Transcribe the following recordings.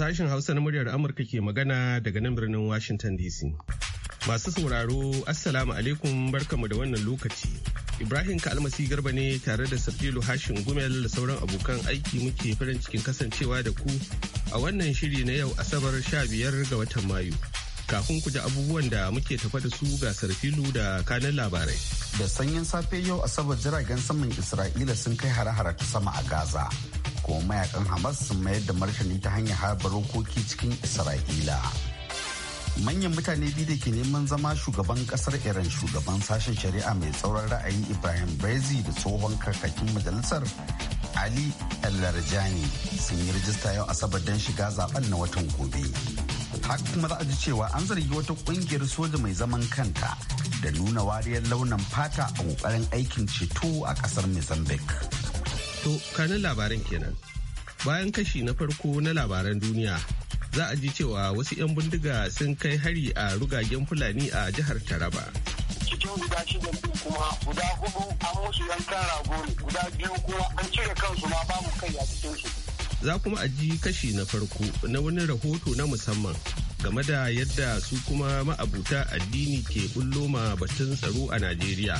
Sashen Hausa na muryar Amurka ke magana daga nan birnin Washington DC. Masu sauraro, Assalamu alaikum barkamu da wannan lokaci. Ibrahim Kalmasi Garba ne tare da Safilu Hashin Gumel da sauran abokan aiki muke farin cikin kasancewa da ku a wannan shiri na yau Asabar Sha biyar ga watan Mayu. kafin ku ji abubuwan da muke tafa da su ga sarfilu da kanan labarai. Da sanyin safe yau asabar jiragen saman Isra'ila sun kai hare-hare ta sama a Gaza kuma mayakan hamas sun mayar da martani ta hanyar harbar rokoki cikin isra'ila manyan mutane biyu da ke neman zama shugaban kasar iran shugaban sashen shari'a mai tsauran ra'ayi ibrahim brezi da tsohon kakakin majalisar ali El-Larjani sun yi rajista yau asabar don shiga zaben na watan gobe haka kuma za a ji cewa an zargi wata kungiyar soja mai zaman kanta da nuna wariyar launin fata a kokarin aikin ceto a kasar mozambique To, kanin labaran kenan. Bayan kashi na farko na labaran duniya, za a ji cewa wasu 'yan bindiga sun kai hari a rugagen Fulani a jihar Taraba. Cikin guda shidan din kuma guda hudu an musu yankan rago ne, guda biyu kuma an cire kansu ma kai a cikinsu. Za kuma a ji kashi na farko na wani rahoto na musamman game da yadda su kuma ma'abuta addini ke bullo ma batun tsaro a Najeriya.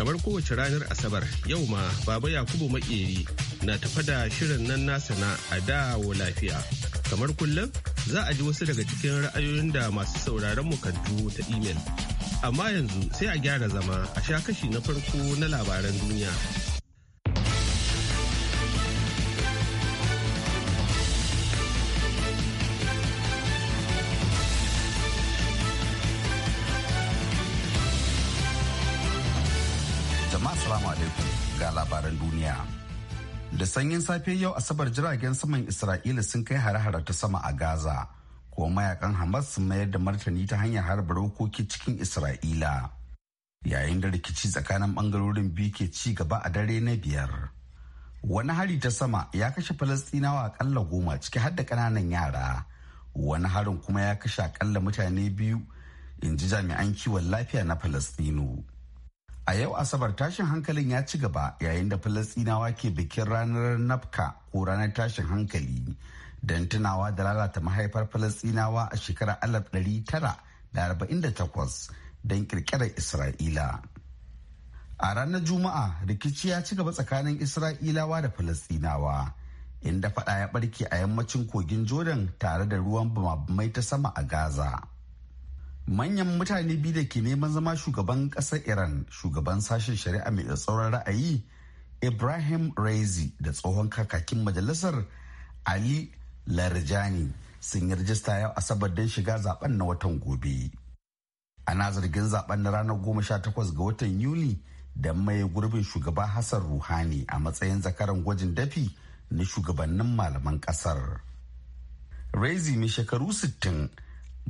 kamar kowace ranar asabar yau ma baba yakubu makeri na tafa da shirin nan nasa na a dawo lafiya kamar kullum za a ji wasu daga cikin ra'ayoyin da masu sauraron mu kan ta imel amma yanzu sai a gyara zama a sha kashi na farko na labaran duniya ga labaran duniya. Da sanyin safe yau Asabar jiragen saman Isra'ila sun kai hare-hare ta sama a Gaza, kuma mayakan Hamas sun mayar da martani ta hanyar harba rokoki cikin Isra'ila. Yayin da rikici tsakanin bangarorin biyu ke ci gaba a dare na biyar. Wani hari ta sama ya kashe falasɗinawa akalla goma ciki har da ƙananan yara. Wani harin kuma ya kashe akalla mutane biyu, in ji jami'an kiwon lafiya na falasɗinu A yau Asabar tashin hankalin ya ci gaba yayin da Falasɗinawa ke bikin ranar nafka ko ranar tashin hankali don tunawa da lalata mahaifar Falasɗinawa a shekarar 1948 don ƙirƙirar Isra'ila. A ranar Juma'a rikici ya ci gaba tsakanin Isra'ilawa da Falasɗinawa inda faɗa ya ɓarke a yammacin kogin Jordan tare da ruwan mai ta sama a Gaza. manyan mutane biyu da ke neman zama shugaban ƙasar iran shugaban sashen shari'a mai tsauran ra'ayi ibrahim raizi da tsohon kakakin majalisar ali larjani sun yi rajista yau asabar don shiga zaben na watan gobe ana zargin zaben na ranar goma sha takwas ga watan yuli da mai gurbin shugaba hassan ruhani a matsayin zakaran gwajin dafi na shugabannin malaman ƙasar. raizi mai shekaru sittin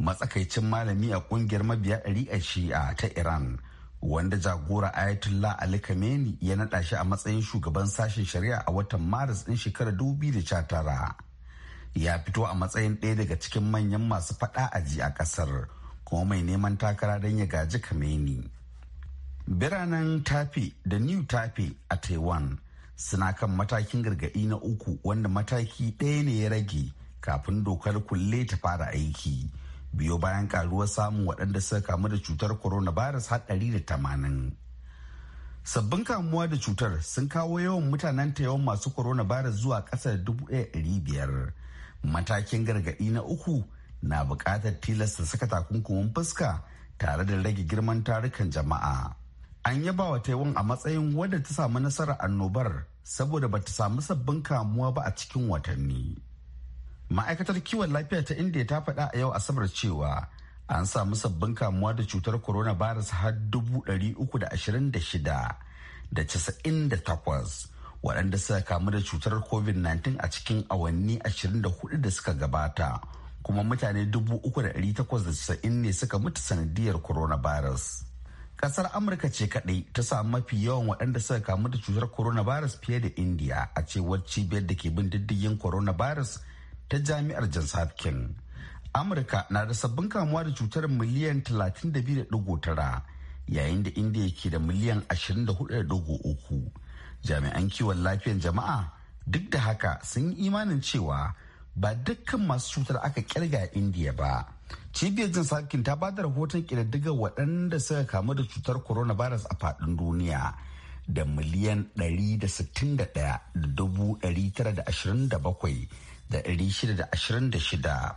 matsakaicin malami a kungiyar mabiya ɗari a shi'a ta iran wanda jagora ayatollah ali kameni ya naɗa shi a matsayin shugaban sashen shari'a a watan maris ɗin shekarar 2019 ya fito a matsayin ɗaya daga cikin manyan masu faɗa aji a ƙasar kuma mai neman takara don ya gaji kameni biranen tafe da new tafe a taiwan suna kan matakin gargaɗi na uku wanda mataki ɗaya ne ya rage kafin dokar kulle ta fara aiki biyo bayan karuwar samun waɗanda suka kamu da cutar coronavirus da tamanin. sabbin kamuwa da cutar sun kawo yawan mutanen ta yawan masu coronavirus zuwa ƙasar dubu biyar. matakin gargaɗi na uku na buƙatar tilasta saka takunkumin fuska tare da rage girman tarukan jama'a an yaba wa taiwan a matsayin wadda ta samu nasarar annobar saboda ba ta samu sabbin kamuwa ba a cikin watanni. ma'aikatar kiwon lafiya ta indiya ta faɗa a yau asabar cewa an samu sabbin kamuwa da cutar coronavirus har 326 da 98 waɗanda suka kamu da cutar covid-19 a cikin awanni 24 da suka gabata kuma mutane 3,890 ne suka mutu sanadiyar coronavirus. Kasar Amurka ce kaɗai ta samu mafi yawan waɗanda suka kamu da cutar coronavirus fiye da India a cewar cibiyar da ke bin diddigin coronavirus ta jami'ar Johns Hopkins. Amurka na da sabbin kamuwa da cutar miliyan 32.9 yayin da Indiya ke da miliyan 24.3. Jami'an kiwon lafiyar jama'a duk da haka sun yi imanin cewa ba dukkan masu cutar aka kirga Indiya ba. Cibiyar Johns Hopkins ta bada rahoton kididdigar waɗanda suka kamu da cutar coronavirus a faɗin duniya. da miliyan 161,927 da 626.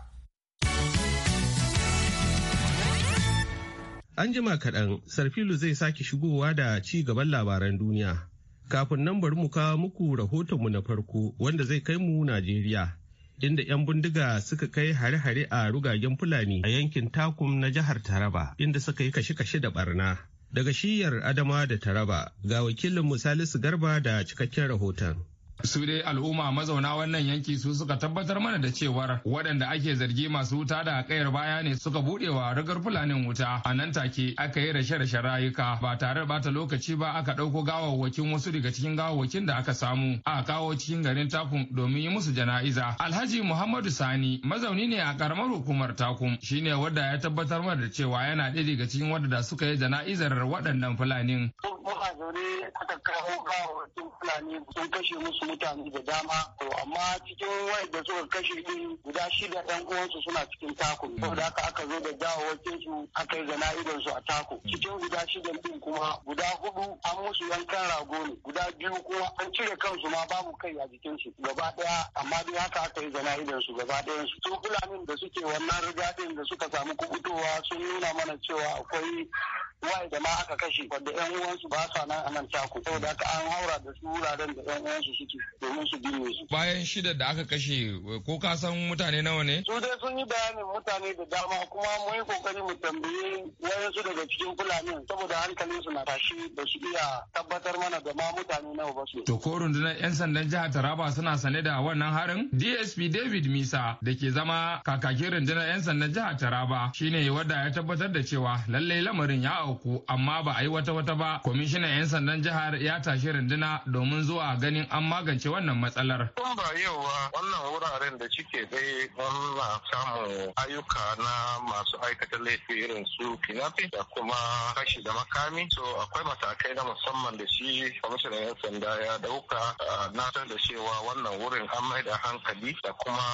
An jima kaɗan, Sarfilu zai sake shigowa da ci gaban labaran duniya. Kafin nan bari mu kawo muku rahotonmu na farko wanda zai kai mu Najeriya, inda 'yan bindiga suka kai hare-hare a rugagen Fulani a yankin Takum na jihar Taraba, inda suka yi kashe-kashe da barna. Daga shiyar Adama da Taraba, ga wakilin Salisu Garba da cikakken rahoton. su dai al'umma mazauna wannan yanki su suka tabbatar mana da cewar waɗanda ake zargi masu wuta da kayar baya ne suka buɗewa rigar fulanin wuta a nan take aka yi rashe-rashe rayuka ba tare bata lokaci ba aka ɗauko gawawwakin wasu daga cikin gawawwakin da aka samu a kawo cikin garin takun domin yi musu jana'iza alhaji muhammadu sani mazauni ne a karamar hukumar takun shine wadda ya tabbatar mana da cewa yana ɗaya daga cikin wadanda suka yi jana'izar waɗannan fulanin. Muna kawo gawawwakin fulani sun kashe musu mutane da dama to amma cikin da suka kashe din guda shida ɗan uwansu suna cikin tako saboda haka aka zo da gawawakin su aka yi jana'izar su a tako cikin guda shida din kuma guda hudu an musu yankan rago ne guda biyu kuma an cire kansu ma babu kai a jikin su gaba daya amma dai haka aka yi jana'izar su gaba ɗaya. su to fulanin da suke wannan riga din da suka samu kubutowa sun nuna mana cewa akwai wa'anda ma aka kashe wanda yan uwansu ba sa nan a nan taku saboda haka an haura da su wuraren da yan uwansu suke domin su binne su. Bayan shida da aka kashe ko ka san mutane nawa ne? Su dai sun yi bayanin mutane da dama kuma mun yi kokari mu tambayi su daga cikin Fulani saboda hankalin su na tashi da su iya tabbatar mana da ma mutane nawa ba su. To ko rundunar 'yan sandan jihar Taraba suna sane da wannan harin? DSP David Misa da ke zama kakakin rundunar 'yan sandan jihar Taraba shine wadda ya tabbatar da cewa lallai lamarin ya uku amma ba a yi wata wata ba kwamishinan 'yan sandan jihar ya tashi runduna domin zuwa ganin an magance wannan matsalar. Tun ba yauwa wannan wuraren da suke dai wannan samun ayyuka na masu aikata laifi irin su kinafi da kuma kashi da makami so akwai matakai na musamman da shi kwamishinan 'yan sanda ya dauka na san da cewa wannan wurin an mai da hankali da kuma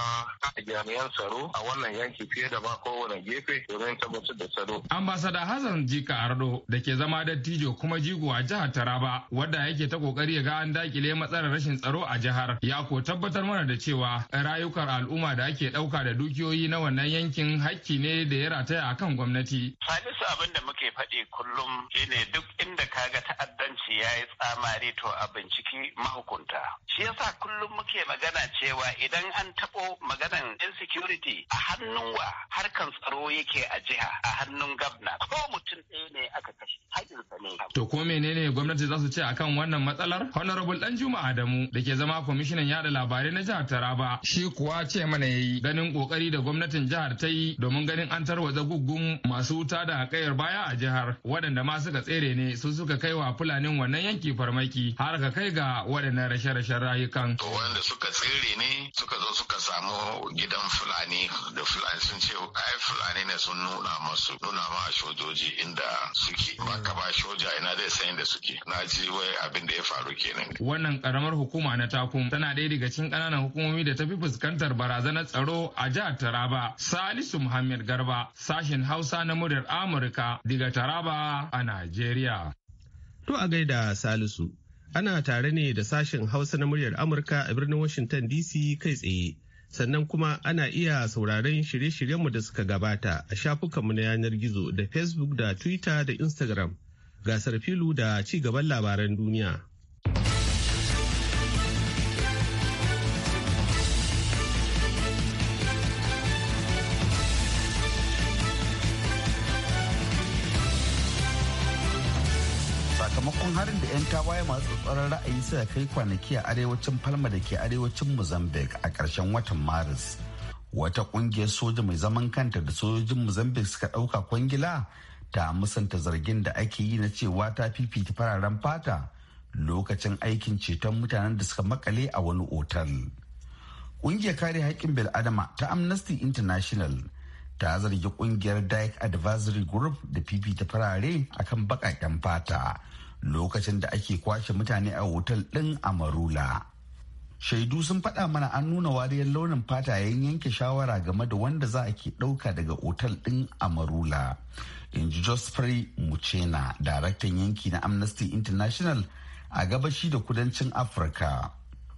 jami'an tsaro a wannan yanki fiye da ma kowane gefe domin tabbatar da tsaro. Ambasada Hassan Jika Ardo da ke zama dattijo kuma jigo a jihar Taraba wadda yake ta kokari ya ga an dakile matsalar rashin tsaro a jihar ya ko tabbatar mana da cewa rayukan al'umma da ake dauka da dukiyoyi na wannan yankin hakki ne da ya rataya kan gwamnati. Salisu abin da muke faɗi kullum ne duk inda kaga ta'addanci ya yi tsamari to a binciki mahukunta. Shi yasa kullum muke magana cewa idan an taɓo maganan insecurity a hannun wa harkan tsaro yake a jiha a hannun gabna ko mutum ɗaya ne aka kashe ne. To ko menene gwamnati za su ce akan wannan matsalar? Honorable Danjuma Adamu da ke zama kwamishinan yada labarai na jihar Taraba shi kuwa ce mana yayi ganin kokari da gwamnatin jihar ta yi domin ganin an tarwatsa guggun masu wuta da kayar baya a jihar waɗanda ma suka tsere ne su suka kai wa fulanin wannan yanki farmaki har ka kai ga waɗannan rashe-rashen rayukan. To wanda suka tsere ne suka zo suka samu gidan fulani da fulani sun ce ai fulani ne sun nuna masu nuna ma sojoji inda suke ba ka ba shoja ina zai san da suke na ji wai abin da ya faru kenan wannan karamar hukuma na takum tana ɗaya daga cikin ƙananan hukumomi da ta fi fuskantar barazanar tsaro a jihar Taraba Salisu Muhammad Garba sashin Hausa na muryar Amurka daga Taraba a Najeriya to a gaida Salisu ana tare ne da sashin Hausa na muryar Amurka a birnin Washington DC kai tsaye sannan kuma ana iya sauraron shirye-shiryenmu da suka gabata a shafukanmu na yanar gizo da facebook da twitter da instagram gasar filu da ci gaban labaran duniya bayan harin da 'yan tawaye masu tsaron ra'ayi suka kai kwanaki a arewacin palma da ke arewacin mozambique a ƙarshen watan maris wata ƙungiyar soja mai zaman kanta da sojojin mozambique suka ɗauka kwangila ta musanta zargin da ake yi na cewa ta fifita fararen fata lokacin aikin ceton mutanen da suka makale a wani otal. Ƙungiyar kare haƙƙin bil'adama ta Amnesty International ta zargi ƙungiyar Dyke Advisory Group da fifita farare akan baƙaƙen fata lokacin da ake kwashe mutane a otal ɗin marula. shaidu sun faɗa mana an nuna wariyar launin fata yayin yanke shawara game da wanda za a ke ɗauka daga otal ɗin amarula in ji josphrey mucena daraktan yanki na amnesty international a gabashi da kudancin afirka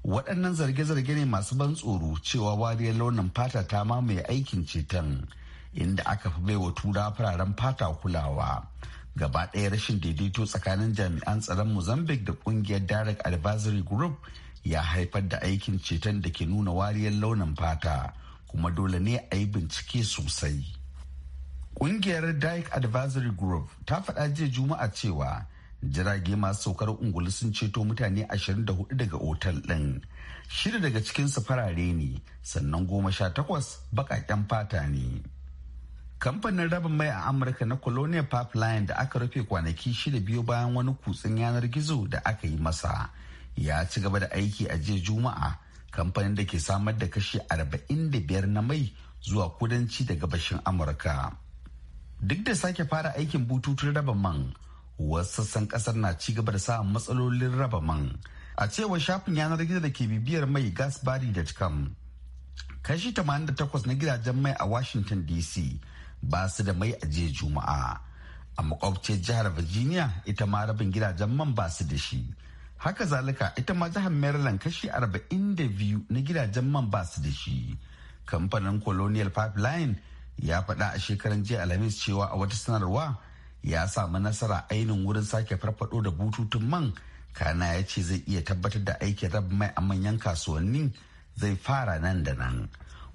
waɗannan zarge-zarge ne masu ban tsoro cewa wariyar launin fata ta mamaye aikin ceton inda aka fi baiwa tura fararen fata kulawa gaba ɗaya rashin daidaito tsakanin jami'an tsaron mozambique da ƙungiyar direct advisory group ya haifar da aikin ceton da ke nuna wariyar launin fata kuma dole ne a yi bincike sosai ƙungiyar direct advisory group ta faɗa jiya juma'a cewa jirage masu saukar ungulu sun ceto mutane 24 daga otal ɗin shida daga cikinsu farare ne sannan goma sha takwas baƙaƙen fata ne. kamfanin rabin mai a amurka na colonial pipeline da aka rufe kwanaki shida biyu bayan wani kutsin yanar gizo da aka yi masa ya ci gaba da aiki a jiya juma'a kamfanin da ke samar da kashi 45 na mai zuwa kudanci da gabashin amurka duk da sake fara aikin bututun raba man wasu sassan kasar na ci gaba da samun matsalolin raba man a cewar shafin yanar gizo da ke bibiyar mai gasbari.com kashi 88 na gidajen mai a washington dc ba su da mai a jiya juma'a a makwabcin jihar virginia ita ma rabin gidajen man ba su da shi haka zalika ita ma jihar maryland kashi 42 na gidajen man ba su da shi kamfanin colonial pipeline ya faɗa a shekaran jiya alhamis cewa a wata sanarwa ya samu nasara ainihin wurin sake farfado da bututun man kana ya ce zai iya tabbatar da aikin rab mai a manyan kasuwanni zai fara nan da nan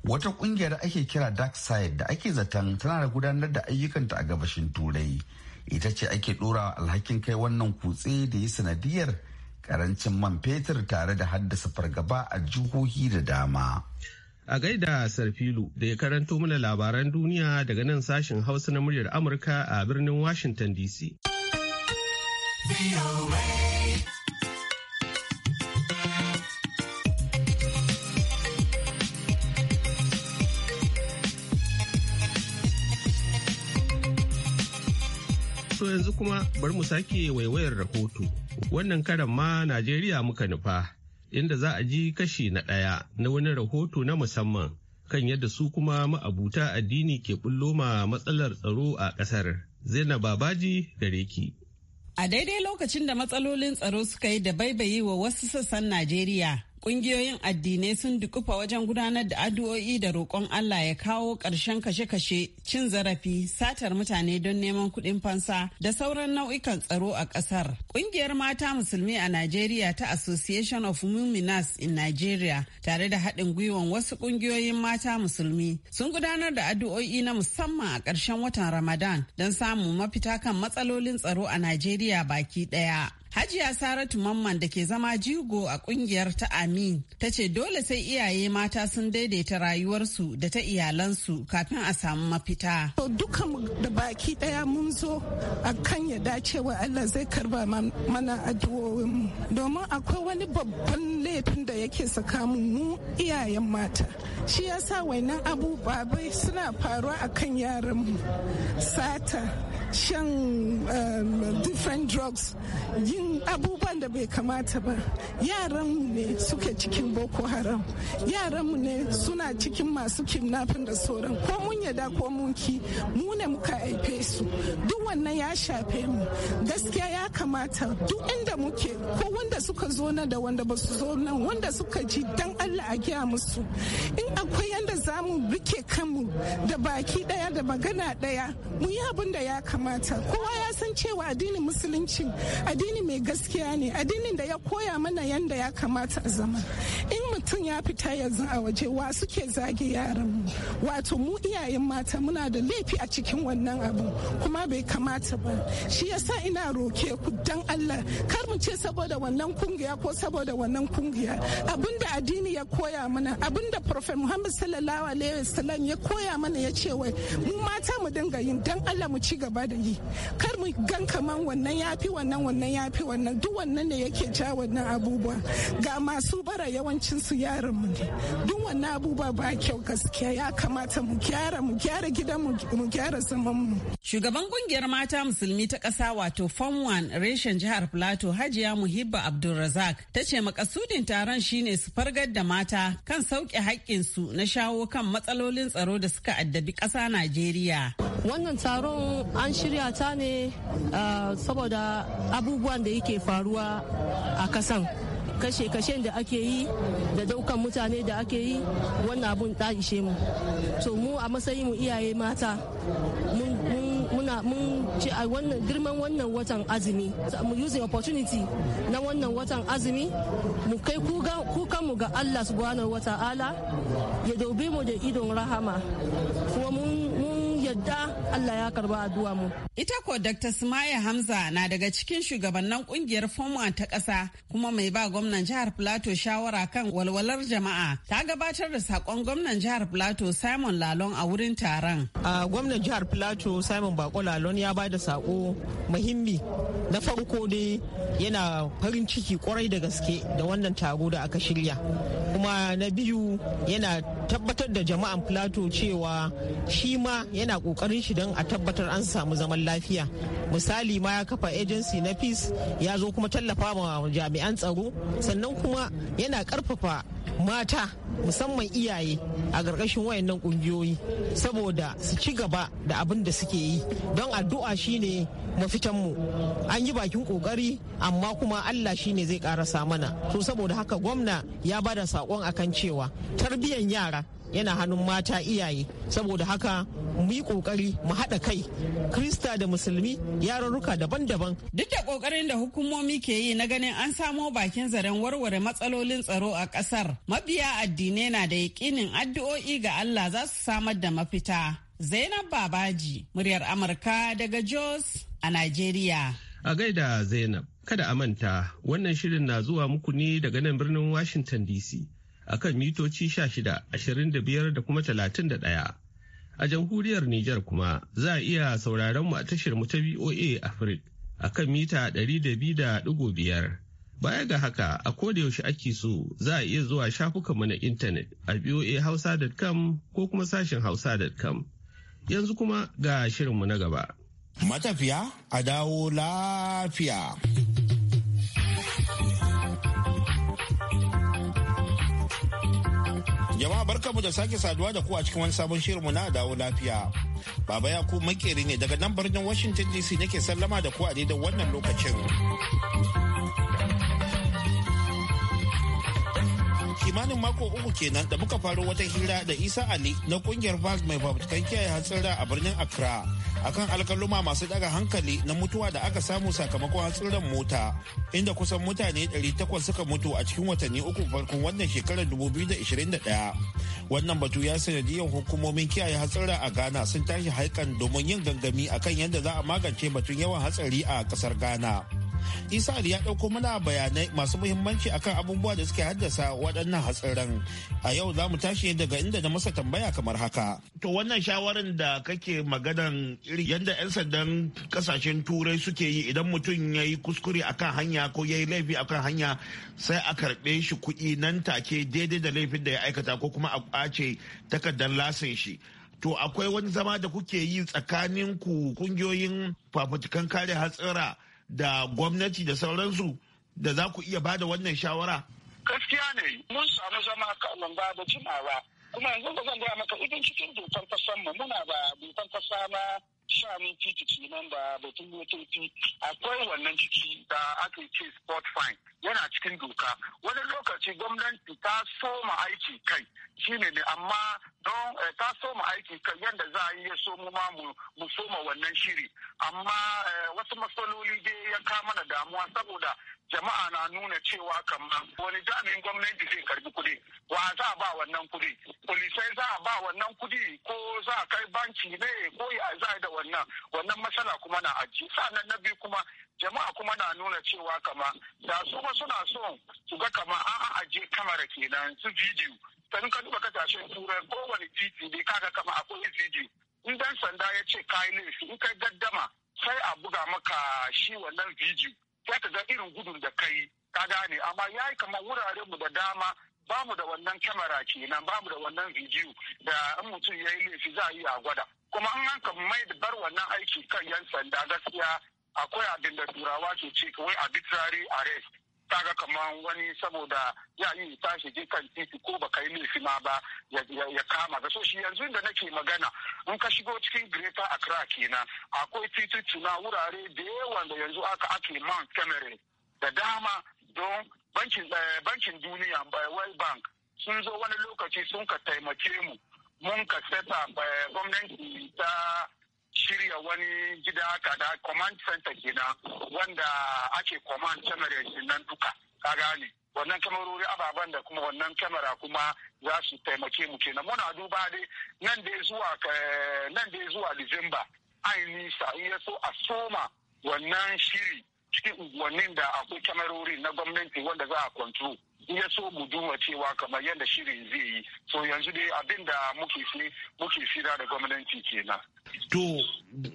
wata kungiyar ake kira dark side da ake zaton tana da gudanar da ayyukanta a gabashin turai ita ce ake ɗorawa alhakin kai wannan kutse da ya sanadiyar karancin man fetur tare da haddasa fargaba a jihohi da dama a gaida sarfilu da ya karanto mana labaran duniya daga nan sashen hausa na muryar amurka a birnin washington dc yanzu kuma bar mu sake waiwayar rahoto. Wannan karan ma Najeriya muka nufa, inda za a ji kashi na ɗaya na wani rahoto na musamman kan yadda su kuma ma'abuta addini ke bullo ma matsalar tsaro a ƙasar. Zainab Babaji gare ki. A daidai lokacin da matsalolin tsaro suka yi da baibayi wa wasu sassan Najeriya, Ƙungiyoyin addinai sun dukufa wajen gudanar da addu'o'i da roƙon Allah ya kawo ƙarshen kashe-kashe, cin zarafi, satar mutane don neman kuɗin fansa da sauran nau'ikan tsaro a ƙasar. Ƙungiyar mata musulmi a Najeriya ta Association of Muminas in Nigeria tare da haɗin gwiwan wasu ƙungiyoyin mata musulmi sun gudanar da addu'o'i na musamman a ƙarshen watan Ramadan don samun mafita kan matsalolin tsaro a Najeriya baki ɗaya. Hajiya Saratu Mamman da ke zama jigo a kungiyar ta Amin ta ce dole sai iyaye mata sun daidaita rayuwarsu da ta iyalansu kafin a samu mafita. Dukan da baki daya mun zo a kan ya dacewa Allah zai karba mana addu'o'inmu. Domin akwai wani babban laifin da yake saka mu iyayen mata. Shi ya sa wainan abubuwa babai suna faruwa a kan yaranmu. Sata, shan um, different drugs, yin yin abubuwan da bai kamata ba yaranmu ne suke cikin boko haram yaranmu ne suna cikin masu kidnapping da sauran ko mun yada ko mun ki mu ne muka haife su duk wannan ya shafe mu gaskiya ya kamata duk inda muke ko wanda suka zo na da wanda ba su zo nan wanda suka ji dan Allah a giya musu in akwai yanda za mu rike kanmu da baki daya da magana daya mu yi abin da ya kamata kowa ya san cewa addinin musulunci addini mai gaskiya ne addinin da ya koya mana yanda ya kamata a zama in mutum ya fita yanzu a waje wa suke zage yaran mu wato mu iyayen mata muna da laifi a cikin wannan abu kuma bai kamata ba shi yasa ina roke ku dan Allah kar mu ce saboda wannan kungiya ko saboda wannan kungiya abinda addini ya koya mana abinda prophet Muhammad sallallahu alaihi wasallam ya koya mana ya ce wai mu mata mu dinga yin dan Allah mu ci gaba da yi kar mu gan kaman wannan ya fi wannan wannan ya fi wannan duk wannan ne yake ja wannan abubuwa ga masu bara yawancin su yaran mu ne duk wannan abubuwa ba kyau gaskiya ya kamata mu gyara mu gyara gidan mu gyara zaman mu shugaban kungiyar mata musulmi ta kasa wato form 1 reshen jihar plateau hajiya muhibba abdulrazak ta ce makasudin taron shine su fargar da mata kan sauke su na shawo kan matsalolin tsaro da suka addabi ƙasa najeriya wannan taron an shirya ta ne Ah, saboda abubuwan da yake faruwa a kasan kashe-kashen da ake yi da daukan mutane da ake yi wannan abun ta ishe mu to mu a matsayin mu iyaye mata muna mun ce a wannan girman wannan watan azumi mu using opportunity na wannan watan azumi mu kai kukan mu ga Allah subhanahu wata'ala ya dobe mu da idon rahama kuma mun yadda Allah ya karba addu'a mu. Ita ko Dr. Sumaya Hamza na daga cikin shugabannin kungiyar Foma ta ƙasa kuma mai ba gwamnan jihar Plateau shawara kan walwalar jama'a ta gabatar da sakon gwamnan jihar Plateau Simon Lalon a wurin taron. A gwamnan jihar Plateau Simon Bako Lalon ya ba da sako muhimmi na farko dai yana farin ciki kwarai da gaske da wannan taro da aka shirya kuma na biyu yana tabbatar da jama'an plato cewa shi ma yana kokarin shi don a tabbatar an samu zaman lafiya misali ma ya kafa agency na peace ya zo kuma tallafa ma jami'an tsaro sannan kuma yana karfafa mata musamman iyaye a ƙarƙashin wayannan ƙungiyoyi saboda su ci gaba da abin da suke yi don addu'a shine mafitanmu an yi bakin ƙoƙari amma kuma allah shine zai ƙarasa mana to saboda haka gwamna ya bada saƙon akan cewa tarbiyyar yara yana hannun mata iyaye saboda haka mu yi kokari mu haɗa kai krista da musulmi yarurruka daban-daban duk da kokarin da hukumomi ke yi na ganin an samo bakin zaren warware matsalolin tsaro a ƙasar mabiya addinai na da yakinin addu'o'i ga Allah za su samar da mafita Zainab Babaji, muryar Amurka daga Jos a Najeriya. A gaida Zainab, kada a manta wannan shirin na zuwa muku ne daga nan birnin Washington DC. akan mitoci sha shida, ashirin da biyar, da kuma talatin da ɗaya. A jamhuriyar Nijar kuma za a iya sauraron mu a tashar mu ta VOA Africa akan mita biyar. Baya ga haka a yaushe ake so za a iya zuwa shafukanmu na intanet a Hausa voahausa.com ko kuma sashen hausa.com. Yanzu kuma ga shirinmu na gaba. Matafiya a dawo lafiya. Jama'a barkamu da sake saduwa da ku a cikin wani sabon shirinmu na dawo lafiya. Baba ya ku makeri ne daga nan birnin Washington DC nake sallama da ku a daidai wannan lokacin. kimanin mako uku kenan da muka faro wata hira da isa ali na kungiyar vag mai fafutukan kiyaye hatsira a birnin accra akan alkaluma masu daga hankali na mutuwa da aka samu sakamakon hatsuran mota inda kusan mutane 800 suka mutu a cikin watanni uku farkon wannan shekarar 2021 wannan batu ya sanadiyar hukumomin kiyaye hatsura a ghana sun tashi haikan domin yin gangami akan yadda za a magance batun yawan hatsari a kasar ghana isa ya ɗauko mana bayanai masu muhimmanci akan abubuwa da suke haddasa waɗannan hatsarin a yau za mu tashi daga inda da masa tambaya kamar haka to wannan shawarar da kake maganan yadda 'yan sandan kasashen turai suke yi idan mutum ya yi kuskure akan hanya ko ya yi laifi akan hanya sai a karɓe shi kuɗi nan take daidai da laifin da ya aikata ko kuma a ƙwace takardar lasin shi to akwai wani zama da kuke yi tsakanin ku kungiyoyin fafutukan kare hatsara. da gwamnati da sauransu da za ku iya bada wannan shawara? Gaskiya ne mun samu zama kan ba da jimawa kuma yanzu ba zan gaya maka idan cikin dokar kasan mu muna ba dokar kasa na sha'anin titi nan da batun motoci akwai wannan ciki da aka ce sport fine yana cikin doka wani lokaci gwamnati ta soma aiki kai shine ne amma don eh, ta soma aiki kai yadda za a iya so mu ma mu soma wannan shiri amma eh, wasu matsaloli dai ya kama mana damuwa saboda jama'a na nuna cewa kamar wani jami'in gwamnati zai karbi kuɗi wa za a ba wannan kuɗi polisai za a ba wannan kuɗi ko za a kai banki ne ko za a da wannan wannan matsala kuma na aji sannan na biyu kuma jama'a kuma na nuna cewa kama da su ma suna so su ga kama an aje kamara kenan su bidiyo sanin ka duba kasashen turai kowane titi ne kaga kama akwai bidiyo in dan sanda ya ce kayi laifi in kai gaddama sai a buga maka shi wannan bidiyo sai ka ga irin gudun da kai ka gane amma ya yi kamar wuraren mu da dama bamu da wannan kyamara kenan bamu da wannan bidiyo da in mutum ya yi laifi za a yi a gwada kuma an an mai da bar wannan aiki kan yan sanda gaskiya akwai abin da turawa ke ce wai arbitrary arrest ga kamar wani saboda ya yi ta shige kan titi ko baka yi laifi ma ba ya kama ga so shi yanzu da nake magana in ka shigo cikin greater accra kenan akwai tituna wurare da yawan da yanzu aka ake man cameroon da dama don bankin eh, duniya eh, world bank sun zo wani lokaci sun ka taimake mu mun ka seta eh, gwamnati ta shirya wani gida da command center kenan wanda ake command generation nan duka ka gane wannan kamarori ababen da kuma wannan kamera kuma za su taimake mu kenan muna duba dai nan dai zuwa eh, nan da zuwa december ai nisa in ya so a soma wannan shiri cikin unguwannin da akwai kyamarori na gwamnati wanda za a kwanto ya so mu duba cewa kamar yadda shirin zai yi so yanzu dai abin da muke fi muke fira da gwamnati kenan. To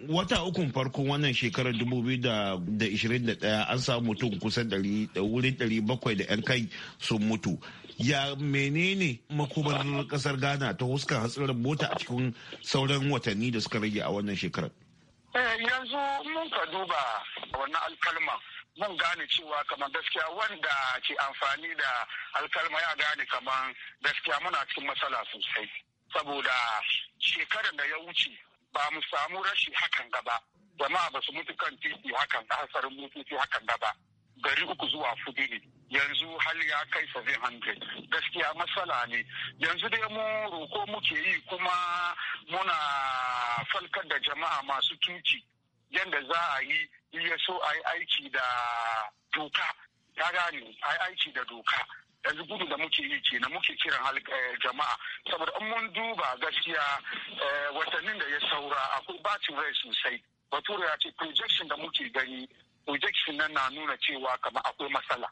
wata ukun farko wannan shekarar 2021 an samu mutum kusan wurin ɗari bakwai da 'yan kai sun mutu. Ya menene makubar kasar Ghana ta huskar hatsarin mota a cikin sauran watanni da suka rage a wannan shekarar? Eh, yanzu mun ka duba wannan alkalman mun gane cewa kamar gaskiya wanda ke amfani da alkalma ya gane kamar gaskiya muna cikin matsala sosai saboda shekarar da ya wuce ba mu samu rashi hakan gaba jama'a ba su mutu kan titi hakan da hasarin mutu hakan gaba gari uku zuwa fudu ne yanzu har ya kai 700 gaskiya matsala ne yanzu dai mu roko muke yi kuma muna falkar da jama'a masu tuki yadda za a yi ya so a yi aiki da doka ta gani a yi aiki da doka yanzu gudu da muke yi kenan muke kiran eh, jama'a saboda in mun duba gaskiya eh, watannin da ya saura akwai bacin rai sosai bature ya ce projection da muke gani projection nan na nuna cewa kamar akwai matsala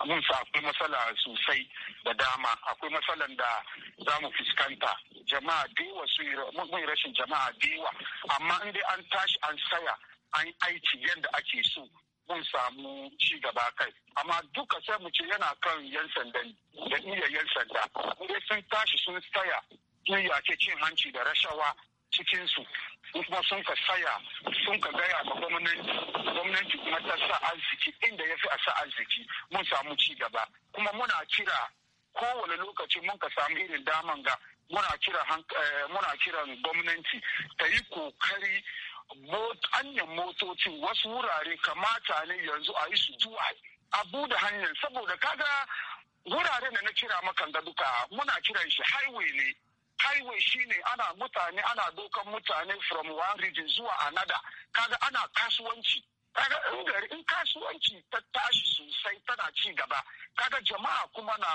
abin sa akwai matsala sosai da dama akwai matsalan da za mu fuskanta jama'a diwa su mun rashin jama'a biwa amma in dai an tashi an saya an aiki yadda ake so mun samu ci gaba kai amma duka sai mu ce yana kan yan sanda da iya yan sanda dai sun tashi sun saya sun yake cin hanci da rashawa cikinsu kuma sun ka saya sun ka gaya ga gwamnati Allah sa arziki inda ya fi a sa arziki mun samu ci gaba kuma muna kira kowane lokaci mun ka samu irin daman ga muna kira eh, muna kiran gwamnati ta yi kokari hanyar motocin wasu wurare kamata ne yanzu a yi su zuwa a buɗe hanyar saboda kaga wurare da na kira makan ga duka muna kiran shi highway ne highway shine ana mutane ana dokan mutane from one region zuwa another kaga ana kasuwanci kaga in gari in kasuwanci ta tashi sosai tana ci gaba kaga jama'a kuma na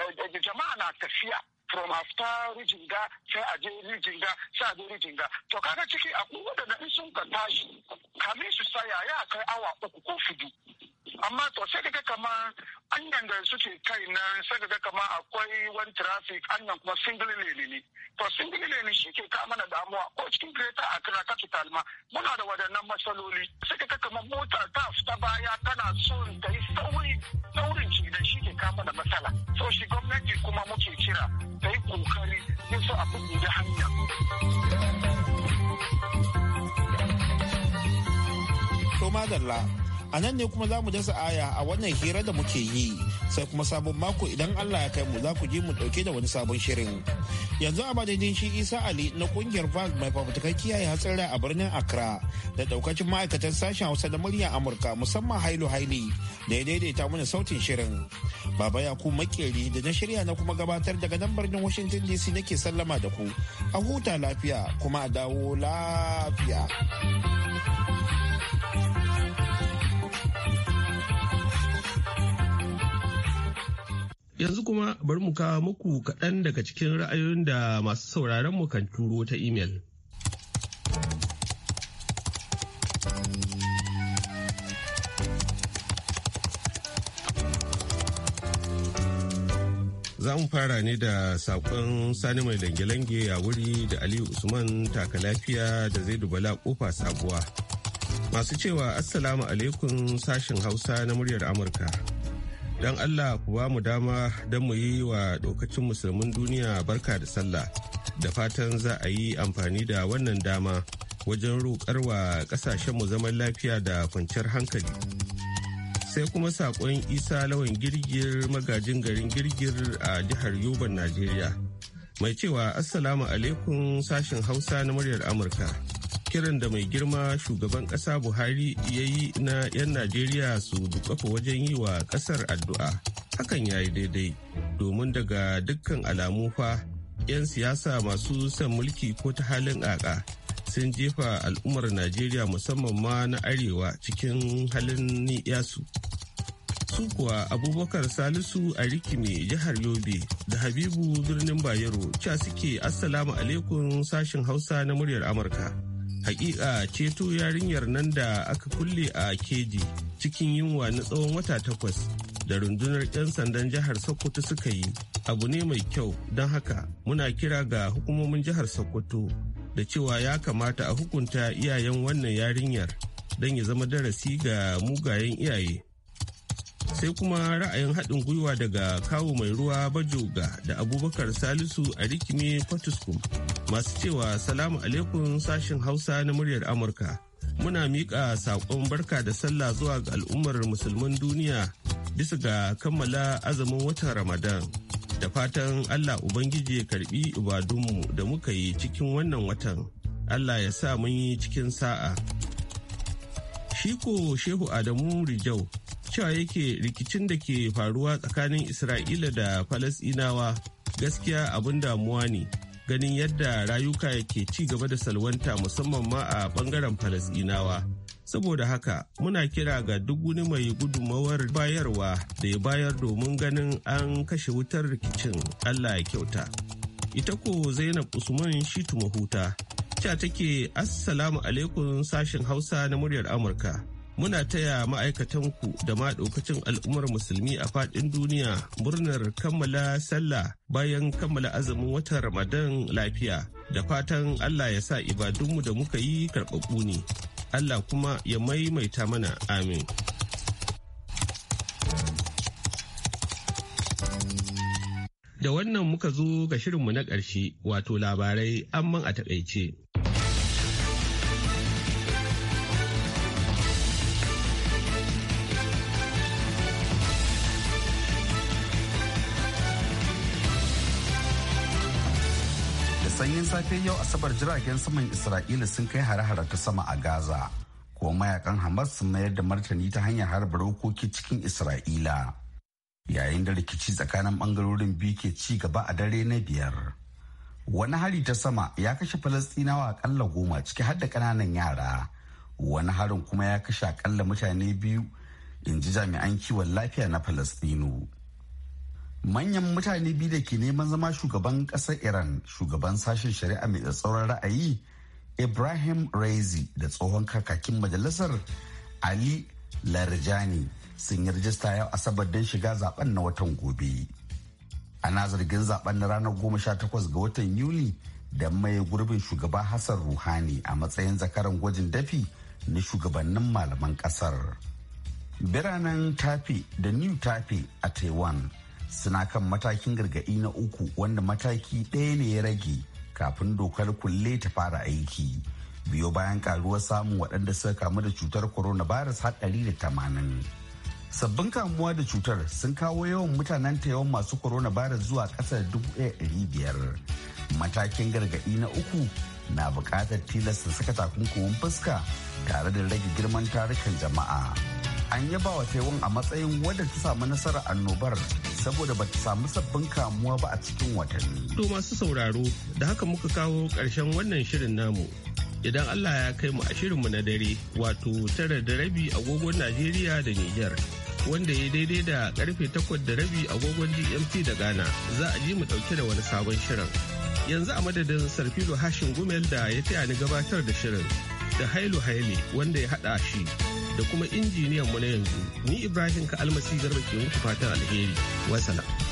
eh, eh, jama'a na tafiya from after rijinga sai a je rijinga sai a je rijinga to kaga ciki akwai wadanda in sun ka tashi kamin su saya ya kai awa uku ko fudu amma to sai kaga kama da suke kai na sai kaga kama akwai wani traffic nan kuma single lane ne to single lane shi ke kama na damuwa ko cikin greater accra capital ma muna da wadannan matsaloli sai kaga kama mota ta fita baya tana so ta yi sauri saurin ci da shi ke kama da matsala so shi gwamnati kuma muke kira ta yi kokari yin a abin da hanya. To madalla a nan ne kuma zamu dasa aya a wannan hira da muke yi sai kuma sabon mako idan allah ya kai mu za ku je mu dauke da wani sabon shirin yanzu a madadin shi isa ali na kungiyar vag mai fafutukar kiyaye hatsari a birnin accra da daukacin ma'aikatan sashen hausa da murya amurka musamman hailu haili da ya daidaita mana sautin shirin baba ya ku makeri da na shirya na kuma gabatar daga nan birnin washington dc nake sallama da ku a huta lafiya kuma a dawo lafiya. Yanzu kuma bari mu kawo muku kaɗan daga cikin ra'ayoyin da masu sauraron mu kan turo ta imel. za mu fara ne da saƙon sani mai lange-lange a wuri da aliyu usman taka lafiya da zai dubala kofa sabuwa masu cewa assalamu alaikum sashen hausa na muryar amurka don Allah ku ba mu dama don mu yi wa ɗaukacin musulmin duniya barka da sallah da fatan za a yi amfani da wannan dama wajen roƙar wa mu zaman lafiya da kwanciyar hankali. Sai kuma saƙon Isa Lawan Girgir magajin garin Girgir a jihar Yoban, Najeriya. Mai cewa Assalamu alaikum sashin Hausa na muryar Amurka. kiran da mai girma shugaban ƙasa buhari ya yi na 'yan najeriya su dukafa wajen yi wa ƙasar addu'a hakan ya yi daidai domin daga dukkan alamu fa 'yan siyasa masu son mulki ko ta halin aka sun jefa al'ummar najeriya musamman ma na arewa cikin halin ni'yasu su kuwa abubakar salisu a rikimi jihar yobe da habibu birnin bayero ca suke assalamu alaikum sashen hausa na muryar amurka hakika ceto yarinyar nan da aka kulle a keji cikin yunwa na tsawon wata takwas da rundunar 'yan sandan jihar sokoto suka yi abu ne mai kyau don haka muna kira ga hukumomin jihar sokoto da cewa ya kamata a hukunta iyayen wannan yarinyar don ya zama darasi ga mugayen iyaye sai kuma ra'ayin haɗin gwiwa daga kawo mai ruwa bajoga da abubakar salisu a rikimi fatuskum masu cewa salamu alaikum sashin hausa na muryar amurka muna miƙa saƙon barka da sallah zuwa ga al'ummar musulman duniya bisa ga kammala azumin watan ramadan da fatan allah ubangiji ya karbi ibadunmu da muka yi cikin wannan watan allah ya sa mun yi cikin sa'a shiko shehu adamu rijau cewa yake rikicin da ke faruwa tsakanin isra'ila da falasinawa gaskiya abin damuwa ne ganin yadda rayuka ke ci gaba da salwanta musamman ma a bangaren falasinawa saboda haka muna kira ga duk wani mai gudunmawar bayarwa da ya bayar domin ganin an kashe wutar rikicin allah ya kyauta ita ko zainab usman shitu mahuta ta take assalamu alaikum sashen hausa na muryar amurka muna taya ma'aikatanku da ma daukacin al'ummar musulmi a faɗin duniya murnar kammala sallah bayan kammala azumin watan ramadan lafiya da fatan allah ya sa ibadunmu da muka yi karɓaɓɓu ne allah kuma ya maimaita mana amin da wannan muka zo ga shirinmu na ƙarshe wato labarai amman a taƙaice sanyin safe yau asabar jiragen saman isra'ila sun kai hare-hare ta sama a gaza kuma mayakan hamas sun mayar da martani ta hanyar harba rokoki cikin isra'ila yayin da rikici tsakanin bangarorin biyu ke ci gaba a dare na biyar wani hari ta sama ya kashe falastinawa akalla goma ciki har da kananan yara wani harin kuma ya kashe akalla mutane biyu in ji jami'an kiwon lafiya na falastinu manyan mutane biyu da ke neman zama shugaban ƙasar iran shugaban sashen shari'a mai tsatsauran ra'ayi ibrahim raizi da tsohon kakakin majalisar ali larjani sun yi rajista yau asabar don shiga zaben na watan gobe ana zargin zaben na ranar 18 ga watan yuli da mai gurbin shugaba hassan ruhani a matsayin zakaran gwajin dafi na shugabannin malaman kasar biranen tafe da new tafi a taiwan suna kan matakin gargaɗi na uku wanda mataki ɗaya ne ya rage kafin dokar kulle ta fara aiki biyo bayan karuwar samun waɗanda suka kamu da cutar coronavirus haɗari da tamanin sabbin kamuwa da cutar sun kawo yawan mutanen ta yawan masu coronavirus zuwa ƙasar biyar. matakin gargaɗi na uku na buƙatar tilasta saka takunkumin fuska tare da rage girman tarukan jama'a. an yaba wa taiwan a matsayin wadda ta samu nasarar annobar saboda ba ta samu sabbin kamuwa ba a cikin watanni. To masu sauraro da haka muka kawo ƙarshen wannan shirin namu. Idan Allah ya kai mu a shirinmu na dare wato tara da rabi agogon Najeriya da Nijar. Wanda ya daidai da karfe takwas da rabi agogon GMT da Ghana za a ji mu ɗauke da wani sabon shirin. Yanzu a madadin Sarfilo Hashin Gumel da ya taya ni gabatar da shirin da Hailu Haile wanda ya haɗa shi. da kuma injiniyan mu na yanzu ni Ibrahim ka almasi garba ke muku fatan alheri wasala.